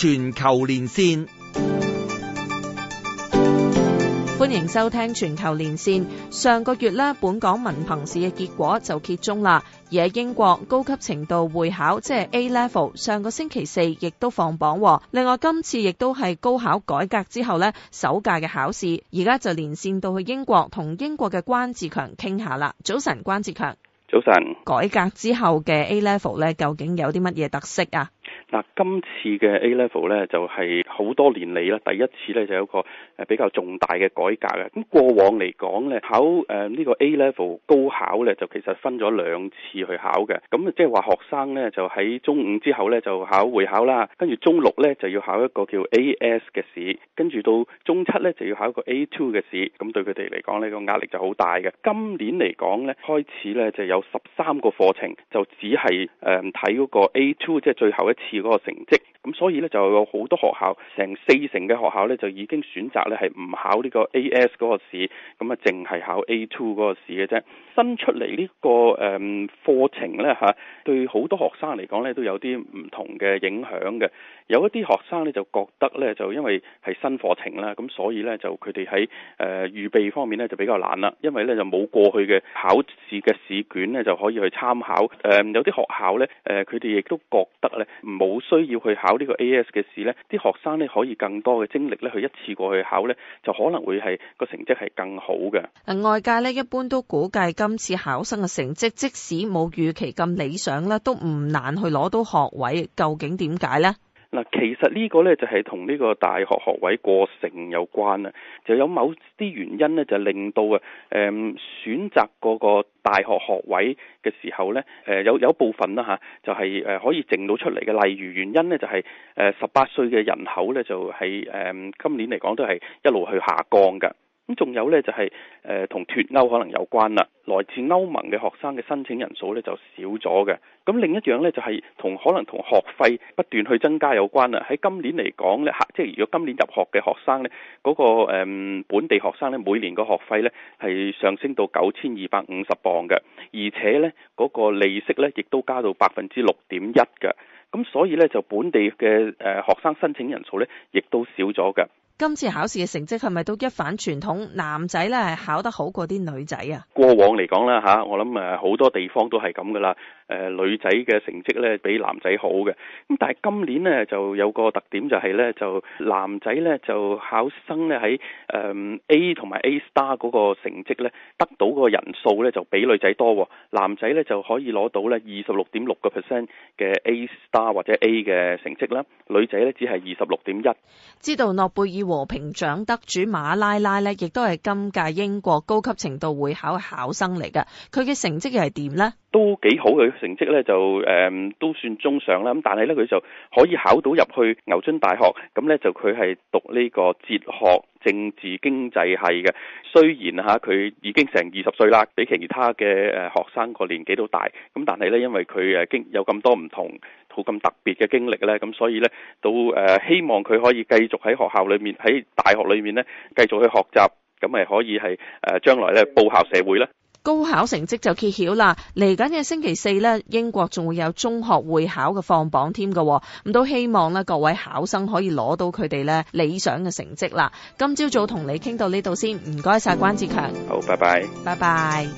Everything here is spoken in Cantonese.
全球連線，歡迎收聽全球連線。上個月呢，本港文憑試嘅結果就揭盅啦。而喺英國高級程度會考，即係 A Level，上個星期四亦都放榜。另外，今次亦都係高考改革之後呢首屆嘅考試，而家就連線到去英國，同英國嘅關志強傾下啦。早晨，關志強。早晨。改革之後嘅 A Level 究竟有啲乜嘢特色啊？嗱，今次嘅 A level 咧就係好多年嚟啦，第一次咧就有一個誒比較重大嘅改革嘅。咁過往嚟講咧，考誒呢個 A level 高考咧，就其實分咗兩次去考嘅。咁即係話學生咧就喺中五之後咧就考會考啦，跟住中六咧就要考一個叫 A S 嘅試，跟住到中七咧就要考一個 A two 嘅試。咁對佢哋嚟講呢個壓力就好大嘅。今年嚟講咧開始咧就有十三個課程就只係誒睇嗰個 A two，即係最後一次嗰個成績。咁所以咧就有好多學校。成四成嘅學校咧就已經選擇咧係唔考呢個 A S 嗰個試，咁啊淨係考 A two 嗰個試嘅啫。新出嚟呢個誒課程咧吓對好多學生嚟講咧都有啲唔同嘅影響嘅。有一啲學生咧就覺得咧就因為係新課程啦，咁所以咧就佢哋喺誒預備方面咧就比較難啦，因為咧就冇過去嘅考試嘅試卷咧就可以去參考。誒有啲學校咧誒佢哋亦都覺得咧冇需要去考呢個 A S 嘅試咧，啲學生。你可以更多嘅精力咧，去一次過去考咧，就可能會係個成績係更好嘅。外界咧一般都估計今次考生嘅成績，即使冇預期咁理想啦，都唔難去攞到學位。究竟點解咧？嗱，其實呢個呢，就係同呢個大學學位過剩有關啦，就有某啲原因呢，就令到啊，誒選擇嗰個大學學位嘅時候呢，誒有有部分啦嚇，就係誒可以剩到出嚟嘅，例如原因呢，就係誒十八歲嘅人口呢，就係誒今年嚟講都係一路去下降㗎。咁仲有呢，就係誒同脫歐可能有關啦，來自歐盟嘅學生嘅申請人數呢，就少咗嘅。咁另一樣呢，就係同可能同學費不斷去增加有關啦。喺今年嚟講呢，即係如果今年入學嘅學生呢，嗰個本地學生呢，每年個學費呢係上升到九千二百五十磅嘅，而且呢，嗰個利息呢亦都加到百分之六點一嘅。咁所以呢，就本地嘅誒學生申請人數呢，亦都少咗嘅。今次考試嘅成績係咪都一反傳統，男仔咧考得好過啲女仔啊？過往嚟講啦，吓我諗誒好多地方都係咁噶啦。誒、呃、女仔嘅成績咧比男仔好嘅。咁但係今年呢就有個特點就係、是、咧，就男仔咧就考生咧喺誒 A 同埋 A Star 嗰個成績咧得到嗰個人數咧就比女仔多。男仔咧就可以攞到咧二十六點六個 percent 嘅 A Star 或者 A 嘅成績啦，女仔咧只係二十六點一。知道諾貝爾。和平獎得主馬拉拉咧，亦都係今屆英國高級程度會考嘅考生嚟噶，佢嘅成績又係點咧？都幾好嘅成績呢，就誒、嗯、都算中上啦。咁但係呢，佢就可以考到入去牛津大學。咁呢，就佢係讀呢個哲學政治經濟系嘅。雖然吓、啊，佢已經成二十歲啦，比其他嘅學生個年紀都大。咁但係呢，因為佢誒經有咁多唔同好咁特別嘅經歷呢，咁所以呢，都誒希望佢可以繼續喺學校裏面喺大學裏面呢，繼續去學習，咁咪可以係誒將來咧報效社會呢。高考成績就揭曉啦，嚟緊嘅星期四咧，英國仲會有中學會考嘅放榜添嘅，咁都希望咧各位考生可以攞到佢哋咧理想嘅成績啦。今朝早同你傾到呢度先，唔該晒關志強，好，拜拜，拜拜。